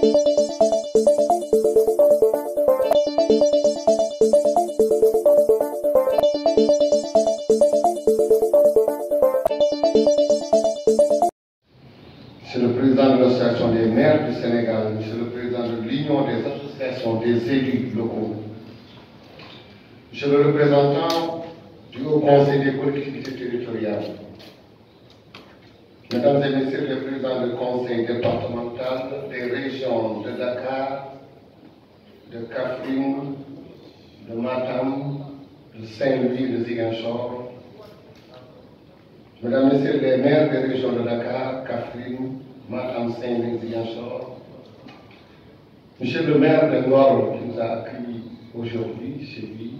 Thank you. le Président du Conseil départemental des régions de Dakar, de Kafrim, de Matam, de Saint-Louis, de Ziguinchor, Mesdames, Messieurs les maires des régions de Dakar, Kafrim, Matam, Saint-Louis, Ziguinchor, Monsieur le maire de Nord qui nous a accueillis aujourd'hui chez lui,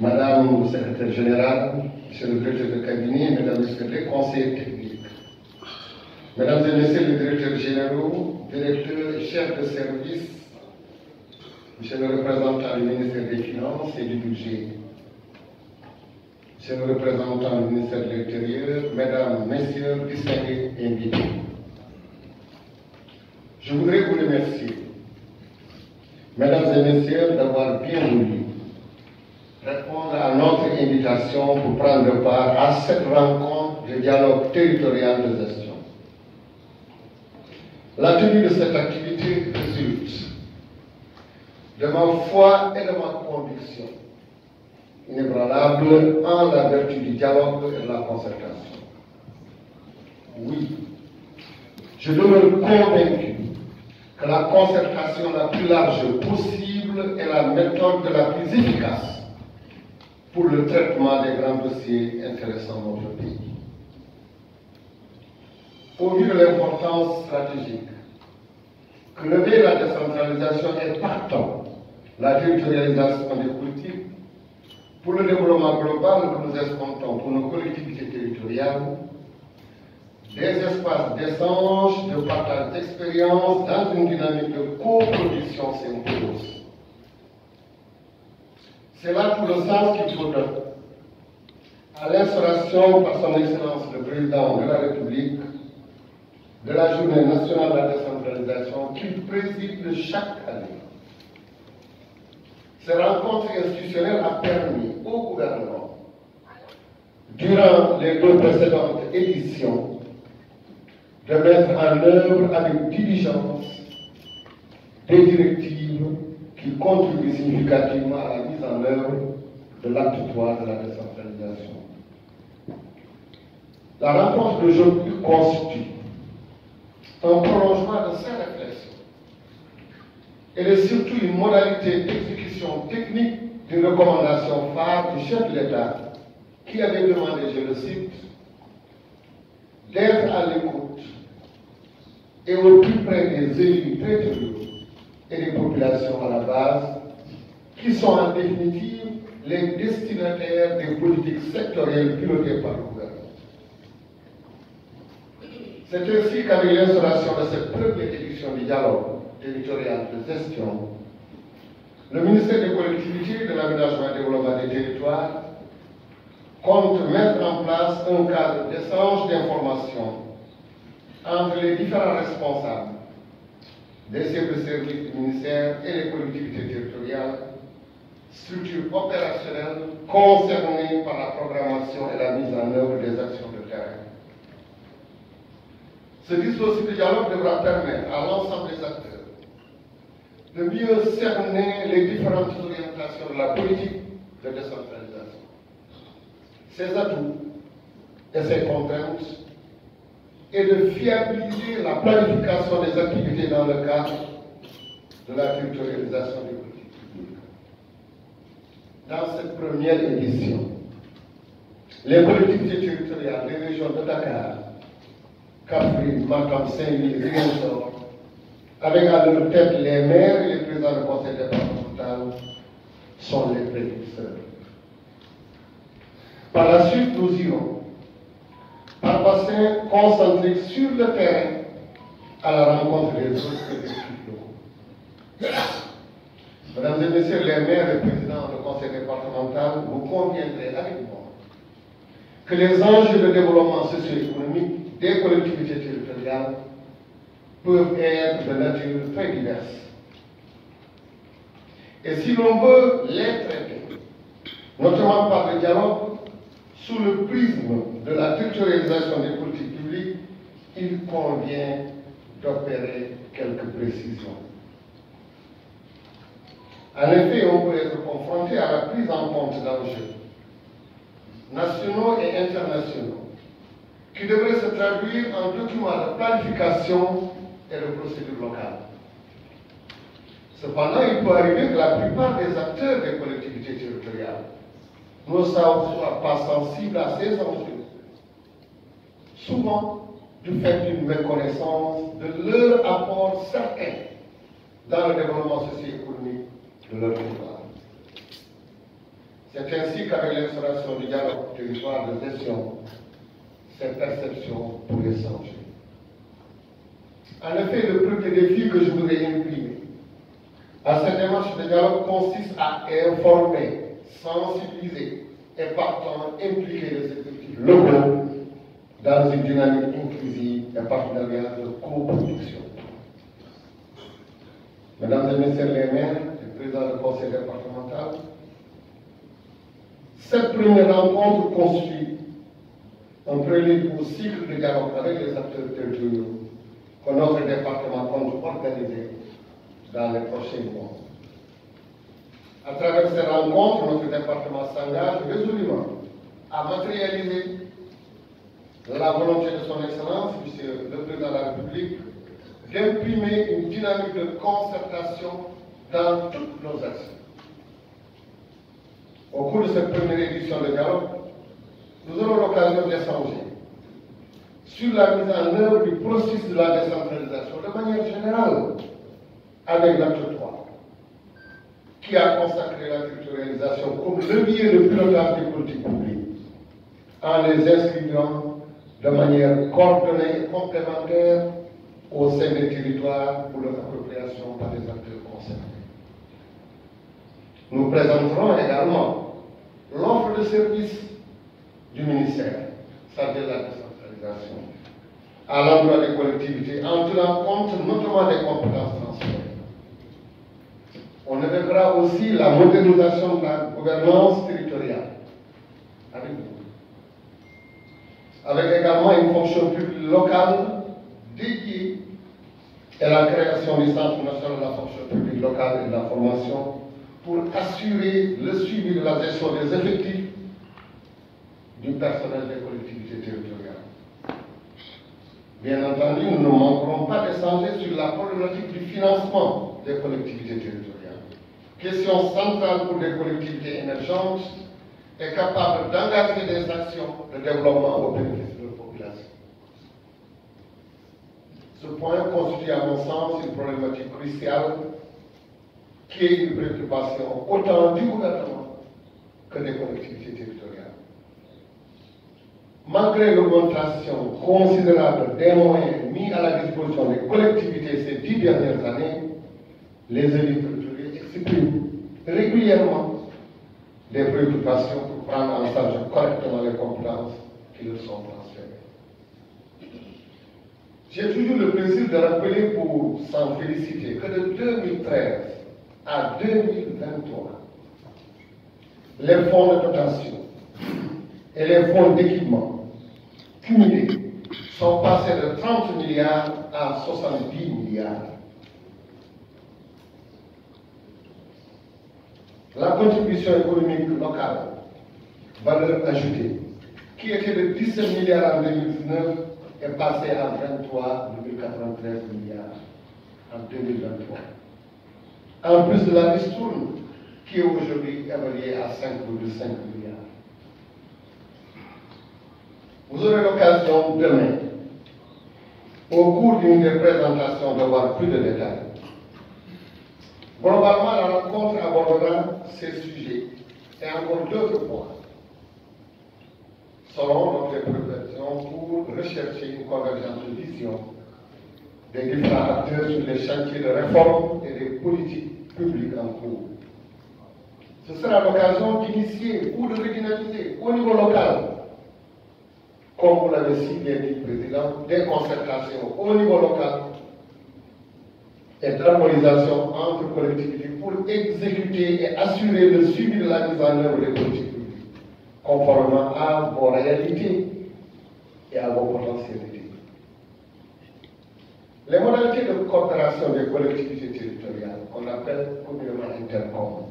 Madame le secrétaire générale, Monsieur le directeur de cabinet, mesdames et messieurs conseillers techniques. Mesdames et messieurs les directeurs généraux, directeurs, chefs de service, monsieur le représentant du ministère des Finances et du Budget, monsieur le représentant du ministère de l'Intérieur, mesdames, messieurs, distingués invités. Je voudrais vous remercier, mesdames et messieurs, d'avoir bien voulu répondre à notre invitation pour prendre part à cette rencontre de dialogue territorial de gestion. La tenue de cette activité résulte de ma foi et de ma conviction inébranlable en la vertu du dialogue et de la concertation. Oui, je demeure convaincu que la concertation la plus large possible est la méthode de la plus efficace pour le traitement des grands dossiers intéressants dans notre pays. Au vu de l'importance stratégique que la décentralisation est partant la territorialisation des politiques, pour le développement global que nous espérons pour nos collectivités territoriales, des espaces d'échange, de partage d'expérience dans une dynamique de coproduction synchrose. C'est là pour le sens qu'il faudra. À l'instauration par son Excellence le Président de la République de la Journée nationale de la décentralisation qu'il préside chaque année. Ces rencontres institutionnelles a permis au gouvernement, durant les deux précédentes éditions, de mettre en œuvre avec diligence des directives qui contribue significativement à la mise en œuvre de l'acte 3 de la décentralisation. La rencontre d'aujourd'hui constitue un prolongement de ces réflexions. Elle est surtout une modalité d'exécution technique des recommandations phares du chef de l'État qui avait demandé, je le cite, d'être à l'écoute et au plus près des élus et des populations à la base, qui sont en définitive les destinataires des politiques sectorielles pilotées par le gouvernement. C'est ainsi qu'avec l'installation de cette première édition du dialogue territorial de gestion, le ministère des collectivités, de l'aménagement et développement des territoires compte mettre en place un cadre d'échange d'informations entre les différents responsables des services de du ministère et les collectivités territoriales, structures opérationnelles concernées par la programmation et la mise en œuvre des actions de terrain. Ce dispositif de dialogue devra permettre à l'ensemble des acteurs de mieux cerner les différentes orientations de la politique de décentralisation. Ses atouts et ses contraintes et de fiabiliser la planification des activités dans le cadre de la territorialisation des politiques publiques. Dans cette première édition, les politiques territoriales des régions de Dakar, Kafrine, Matam, Saint-Louis, avec à leur tête les maires et les présidents du conseil départemental, sont les précurseurs. Par la suite, nous irons par passer concentré sur le terrain à la rencontre des autres et des Mesdames et messieurs les maires et présidents du conseil départemental, vous conviendrez avec moi que les enjeux de développement socio-économique des collectivités territoriales peuvent être de nature très diverse. Et si l'on veut les traiter, notamment par le dialogue, sous le prisme de la territorialisation des politiques publiques, il convient d'opérer quelques précisions. En effet, on peut être confronté à la prise en compte d'enjeux nationaux et internationaux qui devraient se traduire en documents de planification et de procédure locales. Cependant, il peut arriver que la plupart des acteurs des collectivités territoriales ne soient pas sensibles à ces enjeux. Souvent, du fait d'une méconnaissance de leur apport certain dans le développement socio-économique de leur territoire. C'est ainsi qu'avec l'installation du dialogue territoire de gestion, cette perception pourrait changer. En effet, le premier défi que je voudrais imprimer à cette démarche de dialogue consiste à informer sensibiliser et partant impliquer les effectifs locaux dans une dynamique inclusive et partenariat de coproduction. Mesdames et Messieurs les maires, le président du conseil départemental, cette première rencontre constitue un prélude au cycle de dialogue avec les acteurs territoriaux que notre département compte organiser dans les prochains mois. À travers ces rencontres, notre département s'engage résolument à matérialiser la volonté de son Excellence, Monsieur le Président de la République, d'imprimer une dynamique de concertation dans toutes nos actions. Au cours de cette première édition de dialogue, nous aurons l'occasion d'échanger sur la mise en œuvre du processus de la décentralisation de manière générale avec la qui a consacré la culturalisation comme levier de pilotage des politiques publiques, en les inscrivant de manière coordonnée et complémentaire au sein des territoires pour leur appropriation par les acteurs concernés. Nous présenterons également l'offre de service du ministère, c'est-à-dire la décentralisation, à l'endroit des collectivités, en tenant compte notamment des compétences avec aussi la modernisation de la gouvernance territoriale avec également une fonction publique locale dédiée à la création du Centre national de la fonction publique locale et de la formation pour assurer le suivi de la gestion des effectifs du personnel des collectivités territoriales. Bien entendu, nous ne manquerons pas d'échanger sur la problématique du financement des collectivités territoriales question centrale pour les collectivités émergentes, est capable d'engager des actions de développement au bénéfice de la population. Ce point constitue à mon sens une problématique cruciale qui est une préoccupation autant du gouvernement que des collectivités territoriales. Malgré l'augmentation considérable des moyens mis à la disposition des collectivités ces dix dernières années, les élus régulièrement des préoccupations pour prendre en charge correctement les compétences qui leur sont transférées. J'ai toujours le plaisir de rappeler pour s'en féliciter que de 2013 à 2023, les fonds de dotation et les fonds d'équipement cumulés sont passés de 30 milliards à 70 milliards La contribution économique locale, valeur ajoutée, qui était de 17 milliards en 2019, est passée à 23,93 milliards en 2023. En plus de la ristourne, qui est aujourd'hui évaluée à 5,5 milliards. Vous aurez l'occasion demain, au cours d'une des présentations, d'avoir plus de détails Globalement, la rencontre abordera ces sujets et encore d'autres points Selon notre préparation pour rechercher une convergence de vision des différents acteurs sur les chantiers de réforme et des politiques publiques en cours. Ce sera l'occasion d'initier ou de régionaliser au niveau local, comme vous l'avez si bien dit, Président, des concertations au niveau local et d'harmonisation entre collectivités pour exécuter et assurer le suivi de la mise en œuvre des politiques conformément à vos réalités et à vos potentialités. Les modalités de coopération des collectivités territoriales, qu'on appelle communément intercom,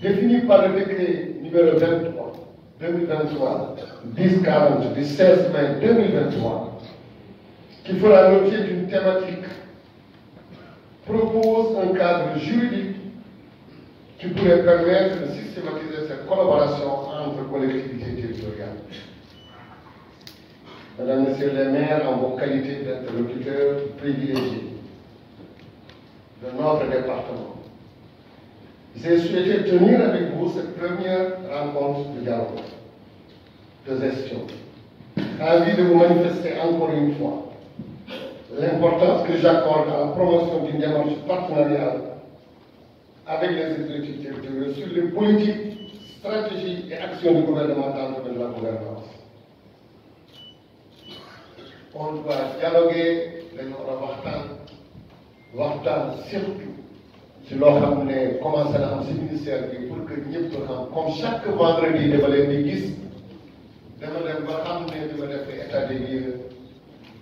définies par le décret numéro 23 2023 1040 du 16 mai 2023, qui fera l'objet d'une thématique propose un cadre juridique qui pourrait permettre de systématiser cette collaboration entre collectivités territoriales. Madame, Monsieur les maires, en vos qualités d'interlocuteur privilégié de notre département, j'ai souhaité tenir avec vous cette première rencontre de dialogue, de gestion, envie de vous manifester encore une fois l'importance que j'accorde à la promotion d'une démarche partenariale avec les autorités territoriales sur les politiques, stratégies et actions du gouvernement dans le domaine de la gouvernance. On doit dialoguer, les la a waxtaan waxtaan surtout sur loo xam commencer à ministère pour que nous comme chaque vendredi les leen di gis les état des lieux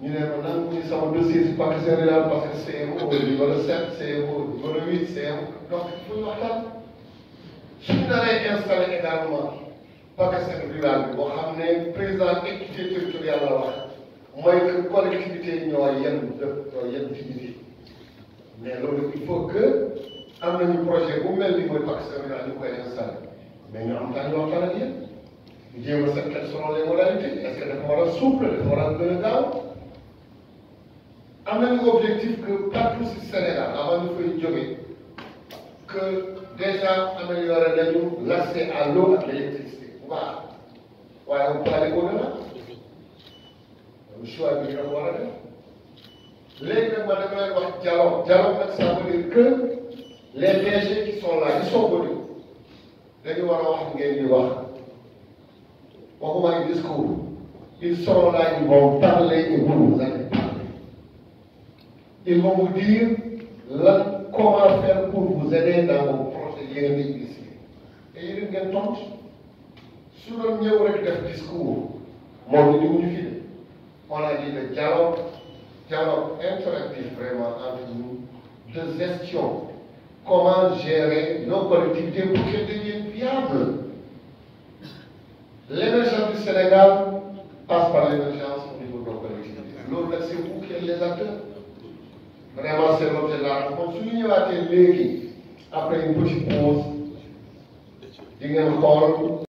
ñu ne ko nangu ci sama dossier si parc céréal parce que CMO numéro 7 CMO numéro 8 CMO donc fu ñu waxtaan suñu naree installé également parc rural bi boo xam ne président équité territoriale la wax mooy que collectivité ñoo yem dëkk ñoo yem dignité loolu il faut que am nañu projet bu mel ni mooy parc rural ñu koy installé mais ñu am temps ñu waxtaan ak yéen a seet quelles sont les modalités est ce que dafa war a souple dafa war a gën a gaaw un même objectif que partout ces Sénégal avant faire une journée, que déjà améliorer l'accès à l'eau à l'électricité Vous voyez, on peut au choix de vous que les DG qui sont là ils sont venus. Les avoir discours ils sont là ils vont parler et vous ils vont vous dire comment faire pour vous aider dans vos projets ici. Et il y a une question sur le mieux, on le discours on a dit le dialogue dialogue interactif vraiment entre nous de gestion comment gérer nos collectivités pour qu'elles deviennent viables l'émergence du Sénégal passe par l'émergence au niveau de nos collectivités L'autre, c'est vous qui les acteurs Vraiment, cet objet-là, nous continuons à tenir après une petite pause. Di ngeen xool